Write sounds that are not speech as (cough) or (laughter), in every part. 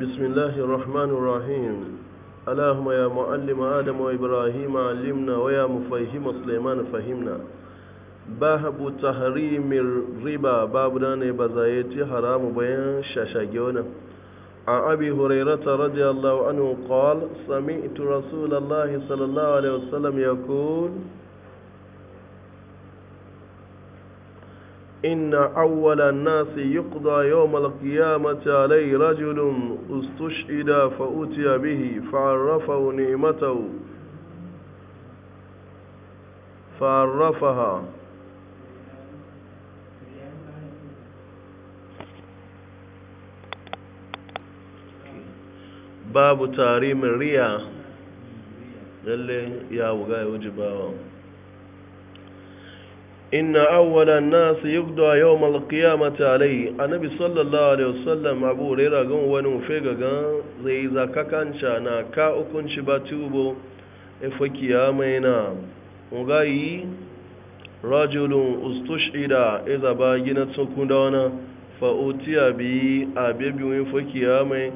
بسم الله الرحمن الرحيم اللهم يا معلم آدم وإبراهيم علمنا ويا مفهم سليمان فهمنا باب تحريم الربا باب دان بزايتي حرام بيان ششاجونا عن أبي هريرة رضي الله عنه قال سمعت رسول الله صلى الله عليه وسلم يقول إن أول الناس يقضى يوم القيامة علي رجل استشهد فأتي به فعرفه نعمته فعرفها باب تاريم riya lalle ya wuga ya wuji bawa inna awwala nas yubda yawm al-qiyamati alayhi annabi sallallahu alaihi wasallam abu rera gan wani fega gan zai zakakanca na ka ukunci ba e fakiya mai na ugayi rajulun ustushida iza e ba gina tsokun da wana fa utiya bi abebi wani fakiya mai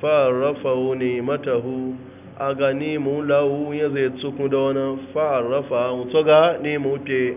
fa rafahu ne matahu a ga nemu lawu ya zai tsokun wana fa rafa mutoga nemu ke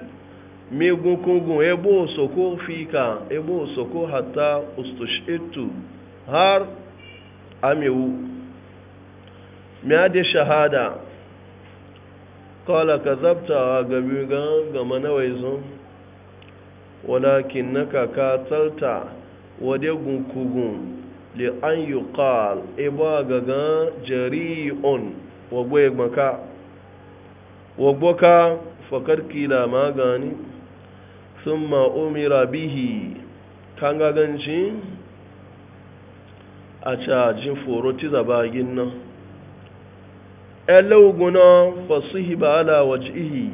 megunkungun ebo soko fika ebo soko hatta ustushitu har amewu miade shahada kala a gabi gama nawa izo walakin ka talta wade gunkugun le an yi kal ebo gaga on wagbo ka fakar kila magani summa umira bihi kan gaganci a cajin foro ti zabagin nan guna fasihi ba ala wace ihi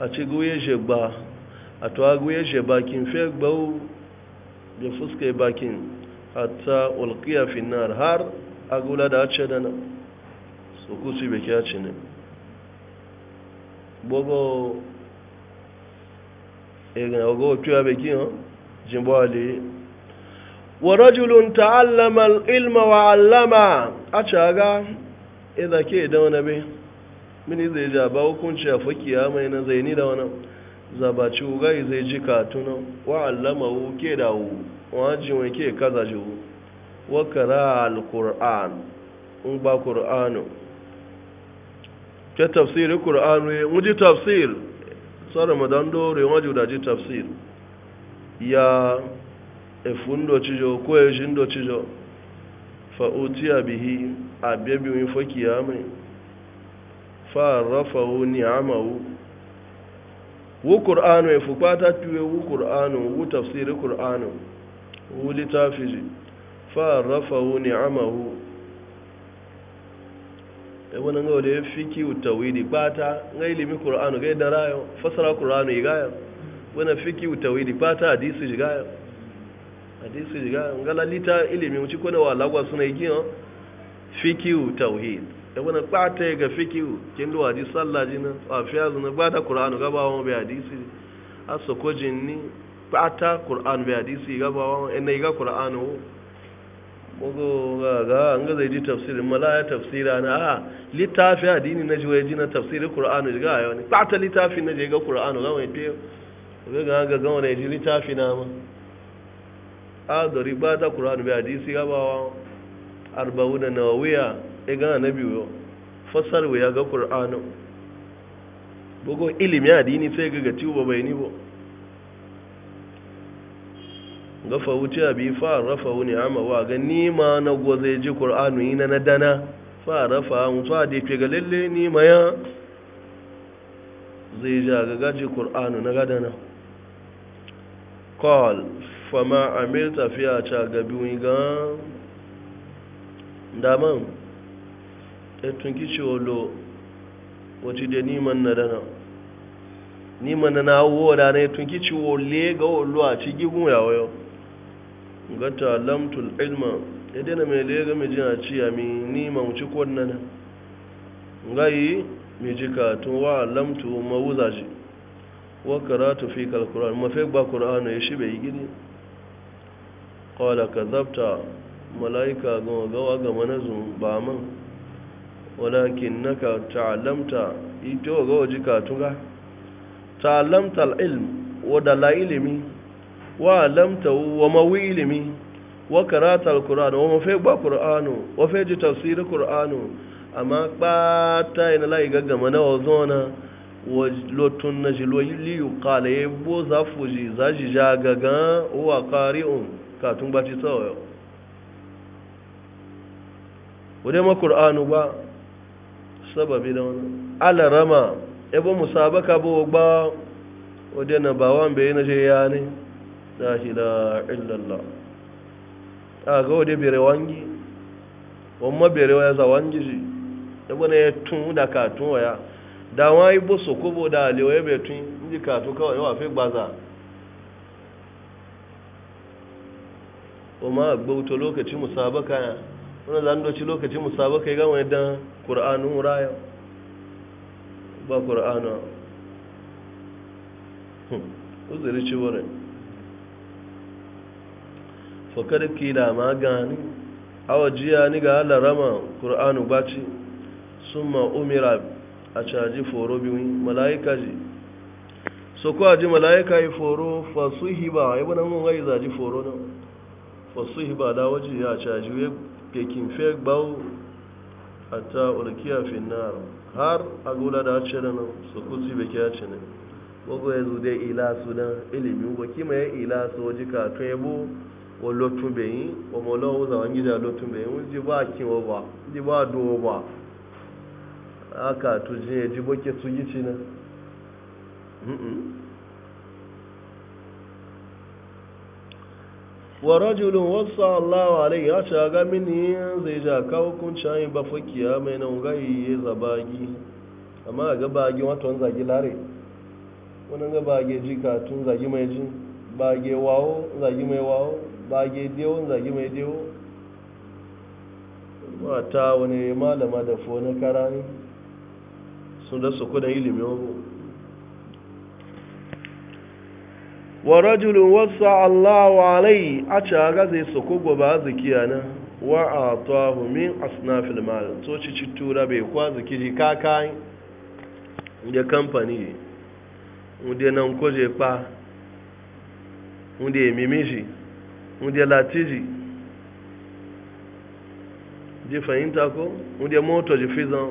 a ci guye ba, a tuwa guye shegba kin fe gbau da fuska bakin hatta ulkiya finar har a gula da ce da nan su kusi bai kya ci ne bobo irin ogo tuya be kiyan jimbo ali wa rajulun ta al-ilma wa alama a caga idza ke da wani be mini zai ja ba hukunci a fakiya mai na zaini da wani zai ji katuna wa 'allama hu ke da hu wa ke kaza ji hu wa in ba qur'anu tafsirin tafsir sa ramadan dore waju judaji tafsir ya efundo cijo ko ejindo cijo fa utiya bihi abebi yin foki ya mai fa rafahu ni'amahu wu qur'anu e fukpata tuwe wu qur'anu wu tafsiri qur'anu wu litafiji fa rafahu ni'amahu ibn ga da fiki tawhidi bata ga mi qur'anu ga da rayo fasara qur'anu ga wana fiki tawhidi bata hadisi ga hadisi ga ngala lita mi uchi kona wala kwa suna yi giyo fiki tawhid ibn bata ga fiki kin do hadisi sallah jina fiyazu na bata qur'anu ga ba be hadisi aso asokojin ni bata qur'anu be hadisi ga ba enai ga qur'anu kogo ga an gaza zai ji tafsirin ya tafsira na a littafi addini na jiwa ji na tafsirin qur'anu ga ayo ne ta littafi na je ga qur'anu ga wani te ga ga ga ga wani ji littafi na ma a da riba ta qur'anu bi hadisi ga ba arba'una nawawiya e ga nabi yo fasar wa ga qur'anu bugo ilimi addini sai ga ga tiwo bai ni bo rafa wuce abi fa rafa wuni ama wa ga nima na goze ji qur'anu ina na dana fa rafa mu a ade ke ga lalle nima ya zai ja ga gaji qur'anu na ga dana qal fama amilta fi a cha ga bi ga daman etun kici wolo wati da niman na dana niman na na wo da ne tun kici wole ga wolo a ci gigun wayo. ga talamtul ilma ya na mai lega mai jina ci a mi ni ma wuce kwanan ngayi mai ji katun wa alamtu ma wuza shi wa karatu fi kalkuran mafi ba kur'anu ya shi bai gini kawala ka zabta mala'ika gama gawa ga manazin ba man walakin na ka ta'alamta ita wa gawa jika tun ga ta'alamta al'ilm wadda la ilimi wa lamta wa mawilimi wa karata alkur'anu wa mafi gba kur'anu wa fi ji tafsirin kur'anu amma kpata ina layi gaggama na wazona wa lotun na ji liyu kala ya bo za fuji za ji ja gaga wa kari kari'un katun ba ci tsawayo wadai ma kur'anu ba sababi da wani alarama ebe musabaka bo gba wadai na bawan bai na je yani. la ilaha illallah a ga wade bere wangi ma bere waya za wangi ji da bane ya tun da katun waya da ko bo da alewa ya tun inji katu kawai yawa fi gbaza wamma gbauta lokaci musabaka ya wani zandoci lokaci musabaka ya gama idan ƙur'anun raya ba ƙur'ana hm, uzuri ci wurin ki da ma gani awa jiya ni ga Allah rama Qur'anu baci summa umira a caji foro biyu malaika ji so ko aji malaika yi foro ba ai bana mun ga zaji foro na fasuhiba da waje ya caji we kekin fe a hatta ulkiya fi nar har agula da ce na so ku ji be kiya ce ne ya yanzu dai ila su dan ilimi ya ila so jika to yabo o lotun beyin omo lọ́wọ́ zawon gida lotun beyin wọ́n ji ba kin o ba ji ba do o ba aka tujin ya ji boke su yi ci na wa wasu Allah alaihi ya ga mini zai ja kawo kuncin yin bafakiya mai nan gayi ya zabagi amma ga bagi wata wani zagi lare wani ga bagi ji ka tun zagi mai jin bage wawo zagi mai wawo bage dewo zagi mai dewo mata wani malama da fona karani su da su kudin ilimin wabo wa rajulun Allah wa alai a caga zai su kogo ba zikiya na wa a tuwahu min asnafil mal to ci ci tura bai kwa zikiri kakai da kamfani da nan kwaje fa Hunde ya mimi shi wanda ya lati shi ji fahimta ko hunde ya moto ji fizan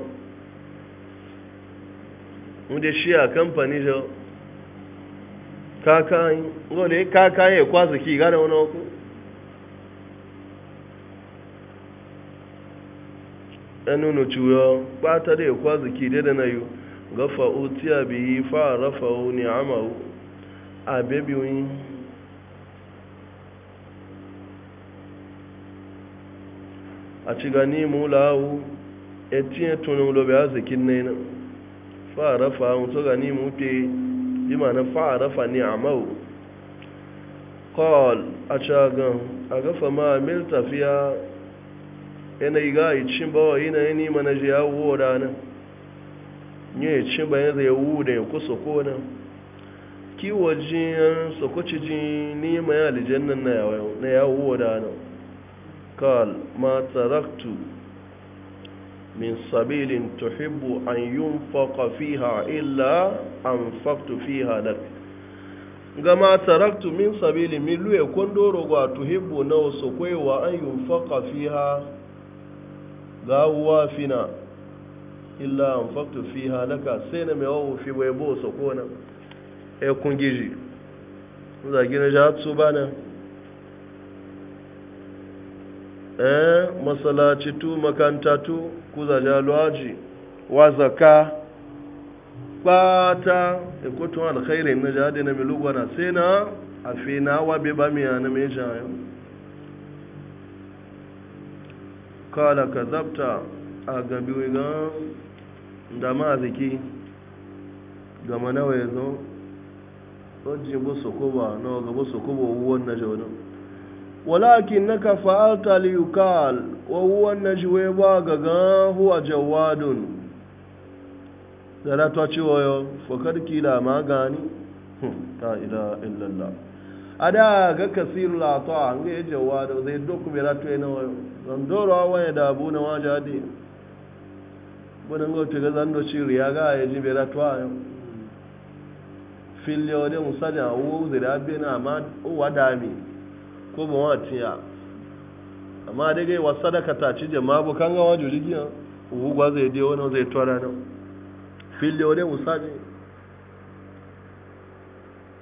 wanda ya shiya kamfani shi kakayi wanda ya kakayi ya kwasa ki gane wani wako ɗan nuna cuyo ɓata da ya kwasa ki daidai na yiwu gafa utiya biyi fa rafa ni amawu a bebiyoyin a ci gani mulawu etinye tunan lobe arzikin ne na fa'arafa mutu gani yi bi na fa'arafa ni a mawu kawal a cagan a gafa ma mil tafiya yanayi e ga yi cin bawa yi na yanayi mana ji yawo rana yi cin bayan zai wu da ya kusa kona kiwo jiyan sokoci ji ni mai alijen nan na yawo rana قال ما تركت من سبيل تحب أن ينفق فيها إلا أنفقت فيها لك gama taraktu min sabili min luye kondo rogwa tuhibbu na wasu kwaiwa an yi yunfaka fiha gawuwa fina illa an faktu fiha laka sai na mewa wawo fi bai bo wasu kona ya kungiji zagi na ja su bana eh masalaci tu makanta tu kuza luwaji wa zaka bata ikotun alkhairin na jade na milugwa na sena na afina wa be ba miya na meja yau? kala kazabta a gabi wiga da ma ziki gama nawa ya zo ojin bu sokoba nawa gaba wuwan na jaunin walakin naka fa'alta liyukal wa huwa najwe ba gaga huwa jawadun zara ta ce wayo fakar kila ma gani ta ila illallah a da ga kasiru la ta an ga zai doku bai ratu yana wayo zan doro a wani da abu na waje adi bunan ga tuga zan do shiri ya ga ya ji bai ratu a yau filiyo da musajin a da abin amma uwa dami ko ba wa tiya amma dai gai wa sadaka ta ci jama'a bu kan ga wajo ligiya ubu gwa zai dai wani zai tora nan fili wani usaje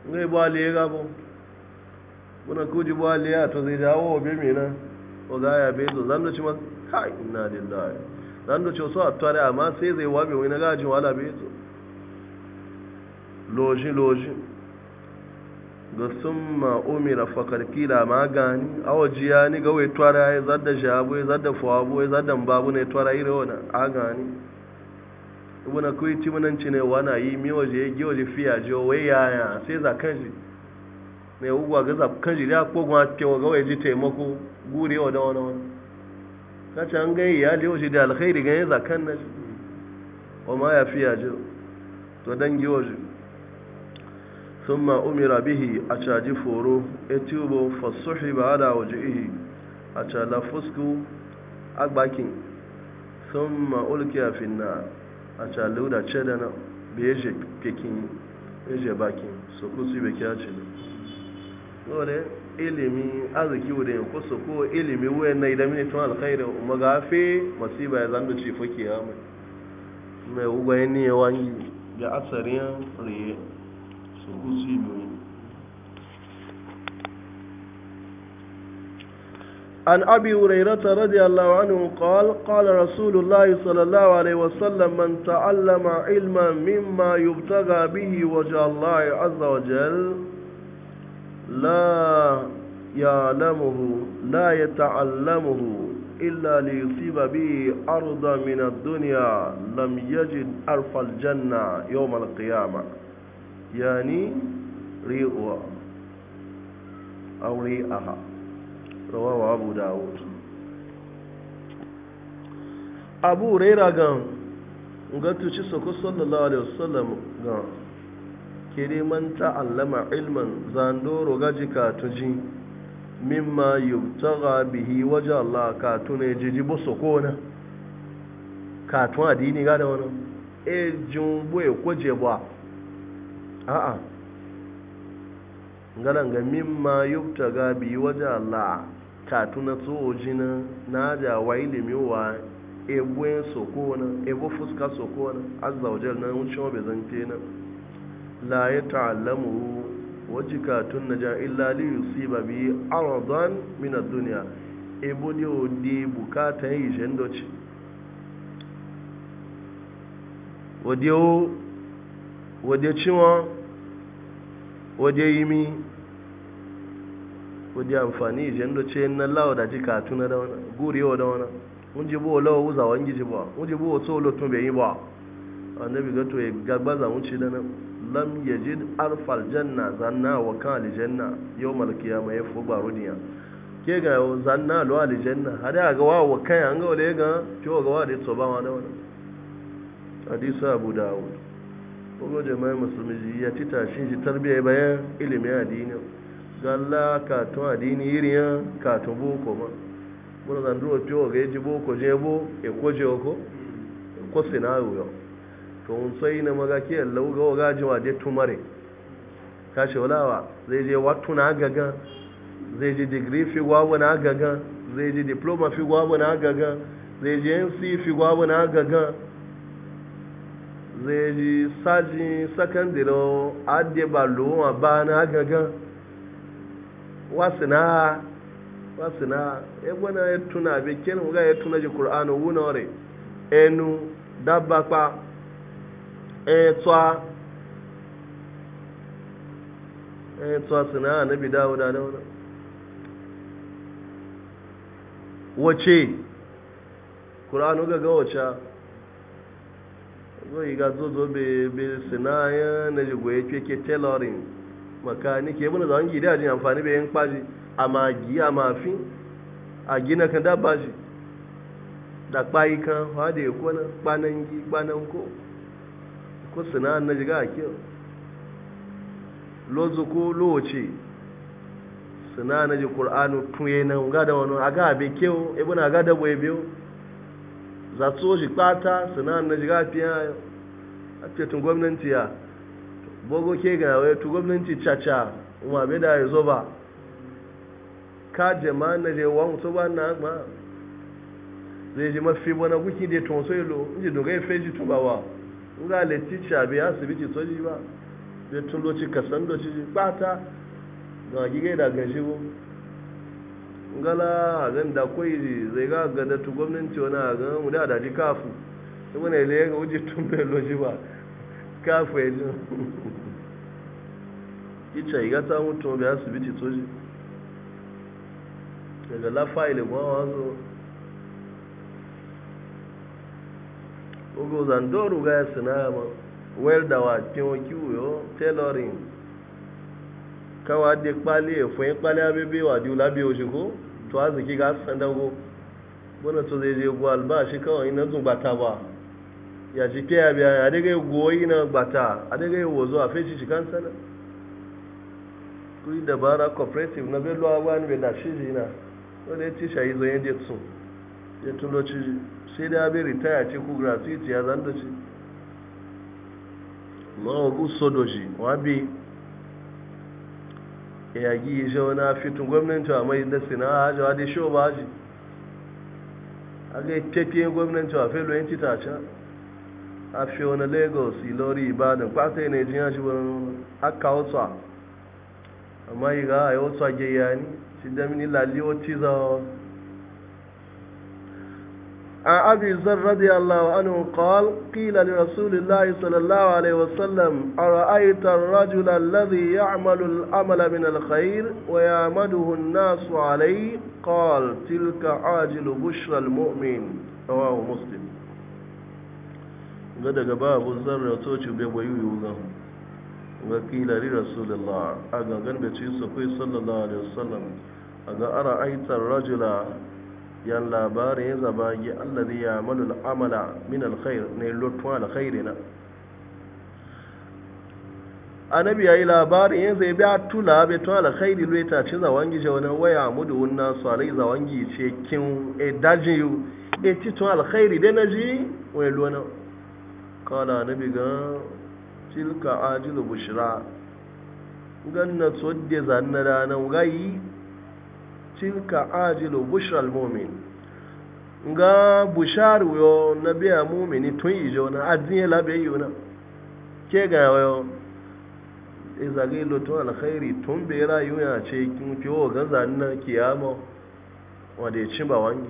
ngai ba le ga muna kuji ba le ya to zai dawo be me na o ga ya be zo zan da ci ma kai inna lillahi zan da ci so a tora amma sai zai wabe wani gajin wala be zo loji loji ga sun ma'umira fakarkila ma gani awajiya ni ga wai twara ya zadda shabu ya zadda fawabu ya zadda babu ne twara iri wani a gani ibu na kuyi timananci ne wana yi mi waje ya gi waje fiya ji wai yaya sai za kan shi ne ugwa ga za kan shi ya kogun a kewa ga wai ji taimako gure wa da wani wani kaci an gani ya ji waje da alkhairi gani za kan na shi wa ma ya fiya ji to dan gi waje ثم أمر به أشاج فورو اتيوبو فصحب على وجهه أشال فسكو أكباكين ثم ألقي في النار أشال لودا تشدنا بيجي كيكين يجي باكين سكوسي بكياتي dole ilimi arziki wurin ko su ko ilimi wuyan na idan mini tun alkhairi magafe masiba ya zanda ce fa kiyama mai ugwayen ne ya wani da asarin riye عن أبي هريرة رضي الله عنه قال قال رسول الله صلى الله عليه وسلم من تعلم علما مما يبتغى به وجه الله عز وجل لا يعلمه لا يتعلمه إلا ليصيب به أرضا من الدنيا لم يجد أرف الجنة يوم القيامة yani ri'uwa aure aha rawawa abu dawud abu raira gan gantuci sako sallallahu alaihi wasallam gan kere man ta'allama ilman zandoro gaji katuji mimma yubtaga bihi waje Allah katune jiji boso kona katun adini ga da wani ejun ya koje ba a'a ganan ga mimma yubta ga bi waje Allah ta tuna tsoho na ja wa ilimi wa ebuen soko na ebo fuska soko na na wucin wa bezan na la ya ta'allamu waje ka tun na ja illa li yusiba bi aradan min ad-dunya ebo de o de bukata yi jendo ci wode o wode waje yi mi waje amfani je ndo ce na lawa da jika tuna da wana guri wa da wana mun ji bo lawo wuza wangi ji ba mun ji bo so lo tun be yi ba annabi ga to ya gagbaza mun ci da nan lam ji arfal janna zanna wa kan yau malakiya mai ya fi baro niya ke ga zanna lo aljanna hada ga wa wa kai an ga wale ga to ga wa da ya tsoba wa da wani hadisa abu dawud kuma jama'a musulmi ya ci tashin shi tarbiyya bayan ilimin addini galla katon addini irin ya katon boko ma muna zan duro ciwo ga yaji boko je bo e ko je ko ko sinayo yo to un sai na maga ke Allah ga ga jiwa de tumare kashi walawa zai je watu na gaga zai je degree fi gwabu na gaga zai je diploma fi gwabu na gaga zai je NC fi gwabu na gaga zai ji sajin sakandare adde ba lowa ba na gagan wasina wasina e gwana ya tuna be kenan ga ya tuna ji qur'anu wuna wore enu dabba pa e twa e twa sina annabi dawuda da wannan wace ƙura'anu ga ga wace yi ga zozo be sinaya na jigo ya ke tailoring makani ke buna zawon gida jin amfani bayan kwaji a magi a mafi a gina kan dabba shi da kpayi kan da ya kona kwanan gi kwanan ko ko sinaya na jiga a kyau lozu ko lowace sinaya na ji kur'anu tuye na ga da wani a ga abe kyau ibuna aga dabo bai biyu za so shi ɓata sana'an na shiga fiya a tun gwamnati ya bogo ke ga wai tu gwamnati caca wa bai da ya zo ba ka jama na je wa mutu ba na ma zai ji mafi bana kuki da tun so ilo inji doga ya feji tuba wa nga le ticha bai asibiti soji ba zai tun loci kasan loci ɓata ga gigai da gashi ngala a da koyi zai ga gada tu gwamnati wani a gan mu da da ji kafu sai wani ile ga wuce tun bai loji ba kafu ya ji kicha iga ta mutu bai asibiti toji daga lafa ile gwa wazo ogo zandoro ga ya sinama weldawa kiwo kiwo yo tailoring kawa de kpali efun kpali abebe wa di ulabi oshiko to aziki ga sandago bona to zai je go albashi kawai na zun ba ya ji ke ya biya adega goyi na bata adega wozo a feshi shi kan sana kuri dabara cooperative na belo awa ni da shiji na wani ti shayi zo yin jetsu ya tulo ci sai da abin ritaya ce ku gratuity ya zan da ci ma'ogu sodoji wa bi ya gi ishe na fitin gwamnati a mai dasi na hajji wa dai sho ba hajji a ga tafiye gwamnati a felo yin cita can a fi wani lagos ilori ibadan kwata yana jiya shi wani aka wata amma yi ga a yi wata gaya ni shi damini laliyo cizawa عن أبي ذر رضي الله عنه قال قيل لرسول الله صلى الله عليه وسلم أرأيت الرجل الذي يعمل الأمل من الخير ويعمده الناس عليه قال تلك عاجل بشرى المؤمن رواه مسلم ga daga ba abu zarra to ci bai bayu yugan ga kila li rasulullah a gangan da ci su kai sallallahu alaihi wasallam a ga ara aitar rajula yan labarin ya zaba gi allazi ya malu al'amala min alkhair ne lotwa alkhairi na annabi yayi labarin ya zai biya tula be to alkhairi ta ci zawangi je wani waya mudu wunna salai zawangi ce kin e dajin yi e ci to alkhairi na ji, wani lona kala annabi ga tilka ajilu bushira ganna tsodde zanna ranar gayi tilka ajilu bushral mumin nga bushar yo na biya mumini tun ijo na ajiye labe yi na ke ga yo izage lotun alkhairi tun bai rayu ya ce kin kiwo ga zanna kiyama wanda ya ci ba wangi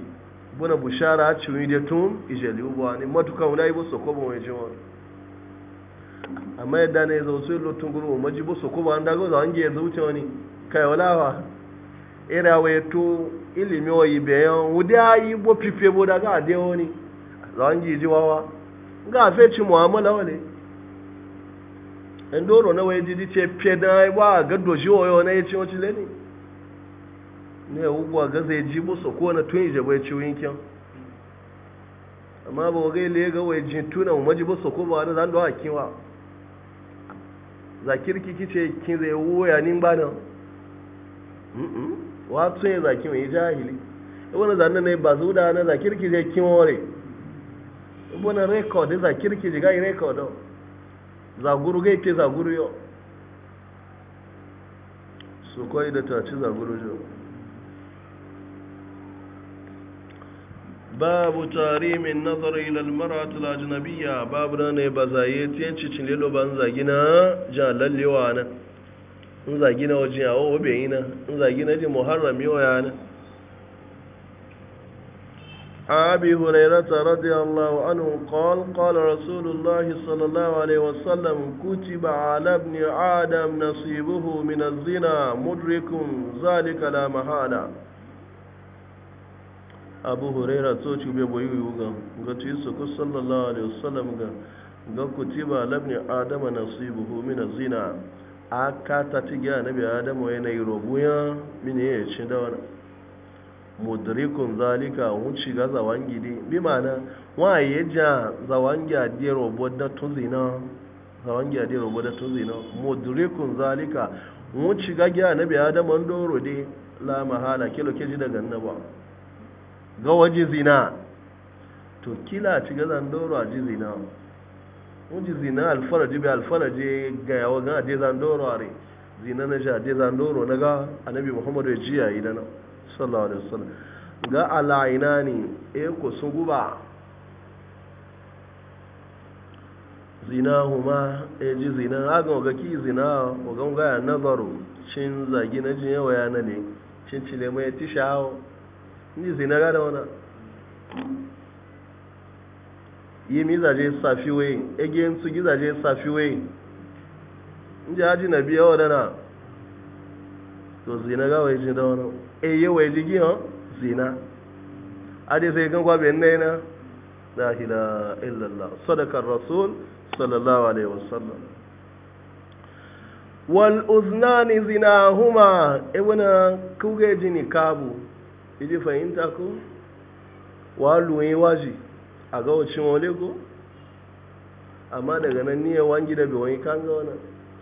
buna bushara ci wi da tun ijeli ubuwa ne matuka wani ibo soko ba wani jiwa amma yadda ne zo su lotun guru majibo soko ba an dago za wangi ya zuce wani kai walawa irawe tu ilimi o oyi beyan wudi ayi bo pipe bo daga de oni zangi ji wawa ga fe ci muamala wale ndoro na waye jidi che pe da ai ba ga doji oyo na yace wace le ne ne ugwa ga zai ji bo so ko na tun je bai e ci winkin amma ba ga le ga waye jin tuna mu maji bo so ko ba da zan do hakiwa zakirki kice kin zai woya nin ba nan mm wato ya zaki mai jahili wani zanen ne ba zuda na za kirki je kimore wani rekod za kirki je gai rekod za guru gai ke za guru yo su koyi da tace za guru jo babu tarimin nazar ila almar'at alajnabiyya babu ne ba zaye tiyanci cin lelo ban zagina jalallewa na in zagi na wajen yawon wabe yi na in zagi na jin muharram yau ya na abi hulairata radiyallahu anhu qala qala rasulullah sallallahu alaihi wasallam kutiba ala ibn adam nasibuhu min az-zina mudrikum zalika la mahala abu huraira to cube yi yuga ga tuyi su ku sallallahu alaihi wasallam ga ga kutiba ala ibn adam nasibuhu min az-zina aka ta ci gina na biya da mawai na irobuya mini ya ce da wani mudrikun zalika wuce ga zawan gidi bi na, wa ya ja zawan gyadiyar robo da tuzina zawan gyadiyar robo da tuzina mudrikun zalika wuce ga gina na biya da man doro dai la mahala kilo keji daga ba. ga waje zina to kila ci ga zan doro a ji zina wuji zina alfaraji bai alfaraji ga yawa ga ade zandoro are zina na shi ade zandoro na ga annabi muhammadu ya ji yayi da na sallallahu alaihi wasallam ga alaina ne e ko sun guba zina huma e ji zina aga ga ki zina ga ga nazaru cin zagi na jin yawa ya na ne cin cile mai tishawo ni zina ga da wannan yi mizaje safiwe ege su gizaje safiwe inji haji na biya wadana to zina ga wai e ji da wani e yi wai ji zina adi sai kan kwabe nai na la ila illallah sadakar rasul sallallahu alaihi wasallam wal uznani huma ibuna e kuge jini kabu iji e fahimta ko waluwe waji a ga wacin wale go amma daga nan niyan wangi da bewani kanga wani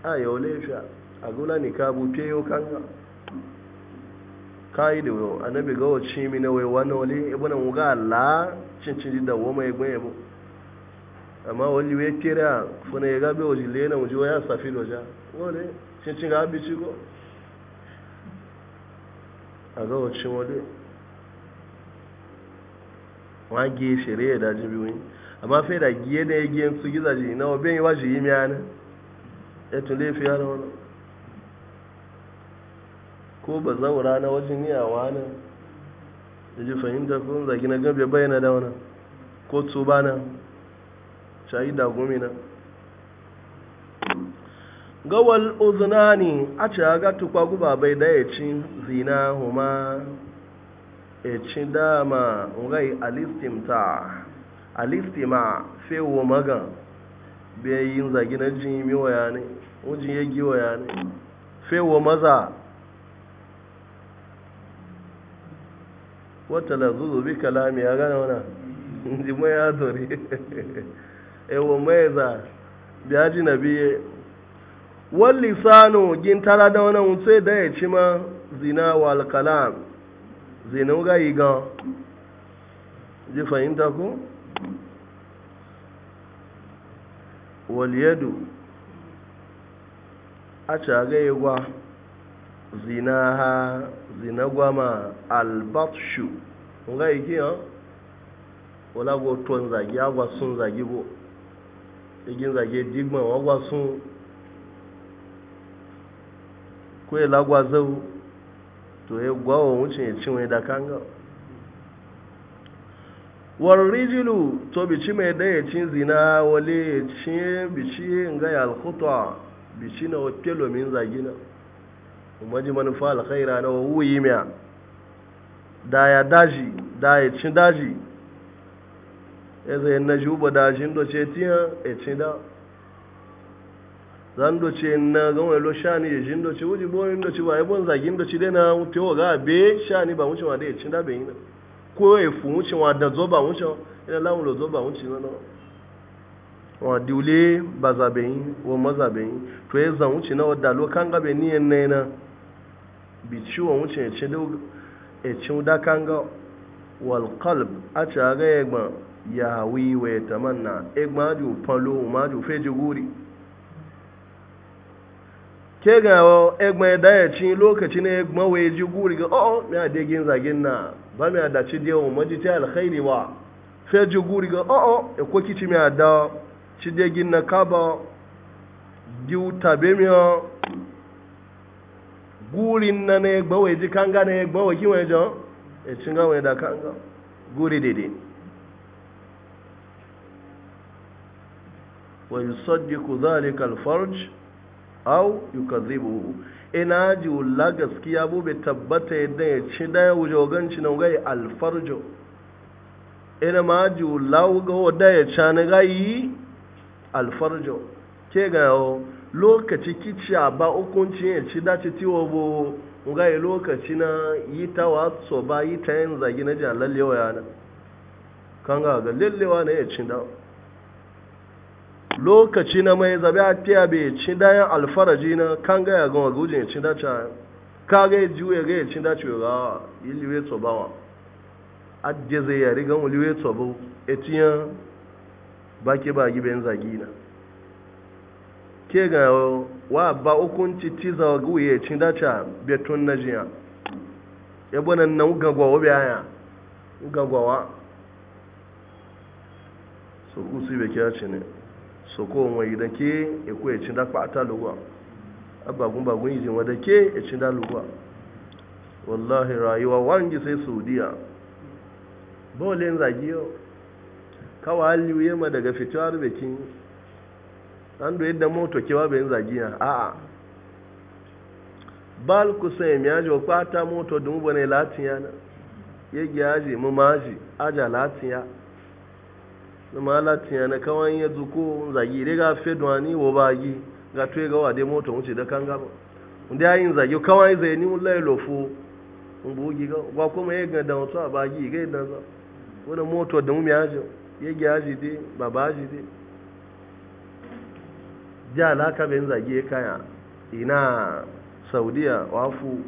a yau laifiya a gula ne ka bufe yau kanga kayi da yau annabi ga wacin mi na wai wani wale ibn wuga la cincin da woma ya gbe yabo amma wali we kira funa ya gabe waje le na mujo ya safi loja wale cincin ga bi ci go a ga wacin wage shari'a da ji biyu amma fai da giye da ya giye su giza ji na obin yi waje yi miya ne e ya tule fiya da wani ko ba zaura na waje ni a wani da e ji fahimta ko zagi na gabe bayyana da wani ko tuba na shayi da gumi na gawal uzunani a ce ga tukwa guba bai daya cin zina huma E ci dama ngai alistimta alistima fewo magan bai yin zagi na jin yi waya ne wujin ya gi waya ne fewo maza wata la zuzu (laughs) e bi kalami ya gana wana ji mai ya zori ewo mai za biya ji na biye wallisano gintara da wani wuce da ya e ci ma zina wal kalam zinau ga yi gan ji fahimta ku waliyadu a cagaye gwa zina ha zina gwama albatshu nga yi kiyan wala go ton zagi agwa sun zagi bo igin zage digman agwa sun kwe lagwa zau to ya gwawa wucin ya ci mai da kanga war rijilu to bici mai cin zina wale ya ci bici ga ya alkhuta bici na wata lomin zagina umarji manufa alkhaira na wuyi miya da ya daji da ya ci daji ya zai na juba dajin e da ce ya ci da zan doce na gawai lo shani ya jin doce wuji bo in doce ba ya bon zagin doce dai na tewa ga be shani ba wuce ma dai cin da bai na ko ya fu wuce ma da zo ba wuce ina lawo lo zo ba wuce na na wa diule ba za bai wa ma za bai to ya zan wuce na wadda lo kan ga bai ni ne na bi ciwo wuce ya ce da ya ci da kan ga wal qalb a ta ga ya gba ya wi wa ya tamanna e gba palo ma ju fe ju guri ke ga egbe dayaci lokaci ne egbe waye ji guri ga o oh, mi ade gin zagin na ba mi ada ci dewo maji ta alkhairi wa fe ji guri ga o oh, oh, e ko kici mi ada ci de gin na kaba diu tabe mi o guri na ne egbe waye ji kanga ne egbe waye kin waye jo e ci waye da kanga guri dede ويصدق ذلك الفرج au yukazibu ina ji wula gaskiya bu bai tabbata yadda ya ci da ya wuce waganci na gai alfarjo ina ma ji wula ga wadda ya ca na yi alfarjo ke ga yawo lokaci kici a ba hukunci ya ci da dace tiwo bu gai lokaci na yi ta watso ba yi ta yin zagi na jalal yawa yana kan ga ga lallewa na ya ci da. lokaci na mai zabi a tiya bai ci dayan alfaraji na kan gaya ga wagujin ya ci dace ka ga juya ga ya ci dace ga yi liwe tsobawa adje zai yari ga mu liwe tsobo etiyan baki ba giben zagi na ke ga wa ba hukunci ti za wa guye ci dace betun na jiya ya bonan nan gagwawa bayaya gagwawa so kusi bai kya ci ne so ko mai da ke e ya e cinda kwata lugwa abagun bagun yi wa da ke e cinda lugwa wallahi rayuwa wangi sai saudiya bolin zagiyo kawa aliyu ma daga fitowar bikin an da yadda moto kewa bayan zagiya a'a bal kusan ya ji wa kwata moto dumbo ne latin yana ya gyaji mu maji aja latin ma latiya na kawan ya zuku zagi dai ga fe ni wo bagi ga to ga wa dai mota wuce da kan gaba inda yayin zagi kawai zai ni lai lofo in bugi ga wa kuma ya ga da wasu a bagi ga da za da moto da mu mi ji ya ga ji dai baba aji dai ja alaka bin zagi ya kaya ina saudiya wafu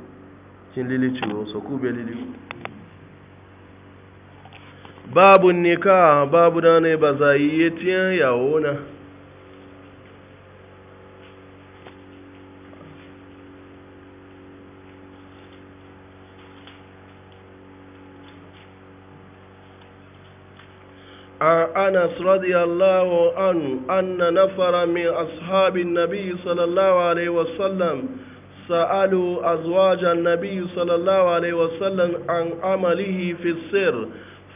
cin lilici so ku be lili. babu nika babu da ne ba za yi tiyan yawo na عن أنس رضي الله عنه أن نفر من أصحاب النبي صلى الله عليه وسلم سألوا أزواج النبي صلى الله عليه وسلم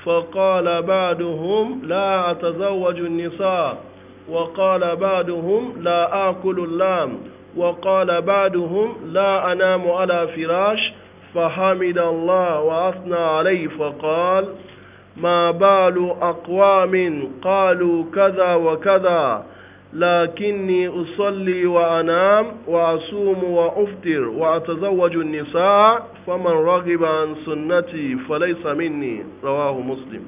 فقال بعدهم لا أتزوج النساء وقال بعدهم لا آكل اللام وقال بعدهم لا أنام على فراش فحمد الله وأثنى عليه فقال ما بال أقوام قالوا كذا وكذا لكني أصلي وأنام وأصوم وأفطر وأتزوج النساء فمن رغب عن سنتي فليس مني رواه مسلم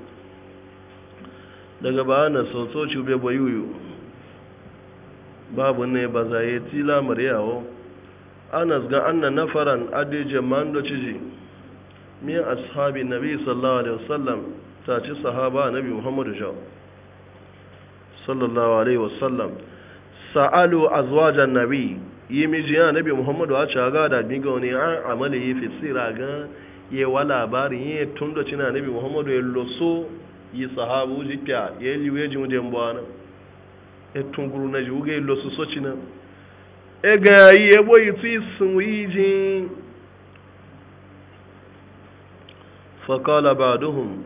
daga bayana sautoci bai bayuyu babu ne ba za yi tila maryawo anas ga annan nafaran adije mando ciji min ashabi nabi sallallahu alaihi wasallam ta ci sahaba nabi muhammadu shaw sallallahu alaihi wasallam sa'alu azwajan nabi yi miji ya nabi muhammadu a caga da biga wani an amali yi fi tsira ga yi wa labarin yi tun da cina nabi muhammadu ya loso yi sahabu jikya ya yi liwe ji mujen buwana ya tunguru na jiwu ga loso so cina ya e ga yi ya e boyi tsi sun yi ji fakala ba duhun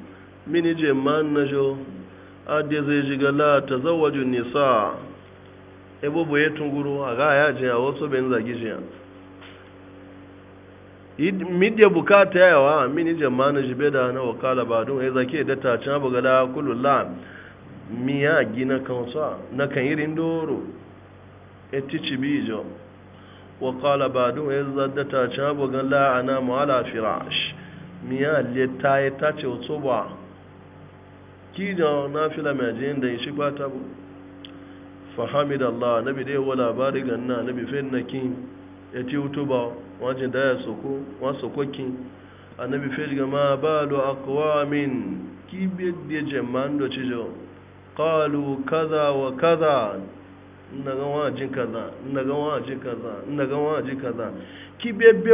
mini je man na jo adi zai shiga la ta zawajin nisa ebo boye tunguru a ga ya jiya wasu ben zagi jiya midya bukata yawa mini jama'an jibe da na wakala ba don ya zake da ta can abu gala la. miya gina kansa na kan irin e ci bi bijo wakala ba don ya zadda ta can abu gala mu ala firash miya leta ya e tace wasu ba kina na fila mai ajiyar da shi ba ta bu fahamid allah na bi dai wala bari ganna na bi fen na kin ya ti hutu ba wajen da ya soko wa sokokin annabi fen ga ma ba do akwamin ki bi da jama'an do ci jo qalu kaza wa kaza na ga wajin kaza na ga wajin kaza na ga wajin kaza ki bebe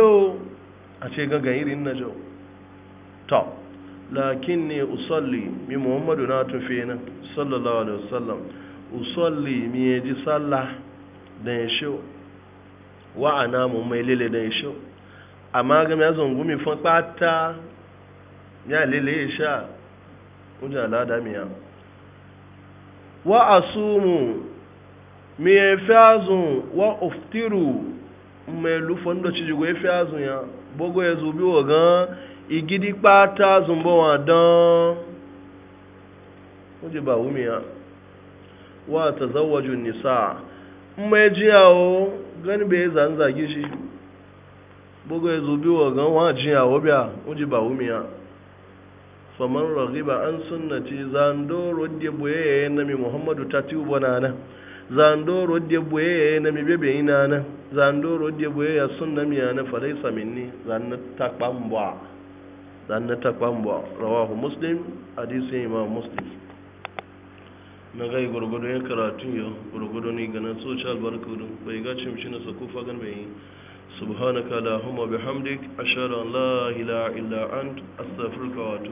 a ce ga ga irin na jo Ta. lakin ne usalli mi muhammadu na tufe na sallallahu alaihi wasallam usalli mi ya ji sallah da ya shi wa ana mu mai lele da ya shi amma ga ya zangu mi fa pata ya lele ya sha uja lada miya wa asumu mi ya fi azun wa uftiru mai lufan da ci jigo ya fi azun ya bogo ya zubi wa gan igidi kpata zumbo wa dan oje ba wumi ya wa tazawwaju nisa mai jiya o gani bai zan zage shi bugu ya zubi wa gan wa jiya o biya oje ba wumi ya faman raghiba an sunnati zandoro de boye na mi muhammadu tatiu bonana zandoro de boye na mi bebe inana zandoro de boye ya sunna mi ana falaisa minni zan takpamba dan na takwan ba rawahu muslim hadisin imam muslim na gai gurgudu ya karatu yau gurgudu ne ganin social barkudu bai ga cimci na sako fagen bai subhanaka lahumma bihamdik a shara la ilaha illa ant astaghfiruka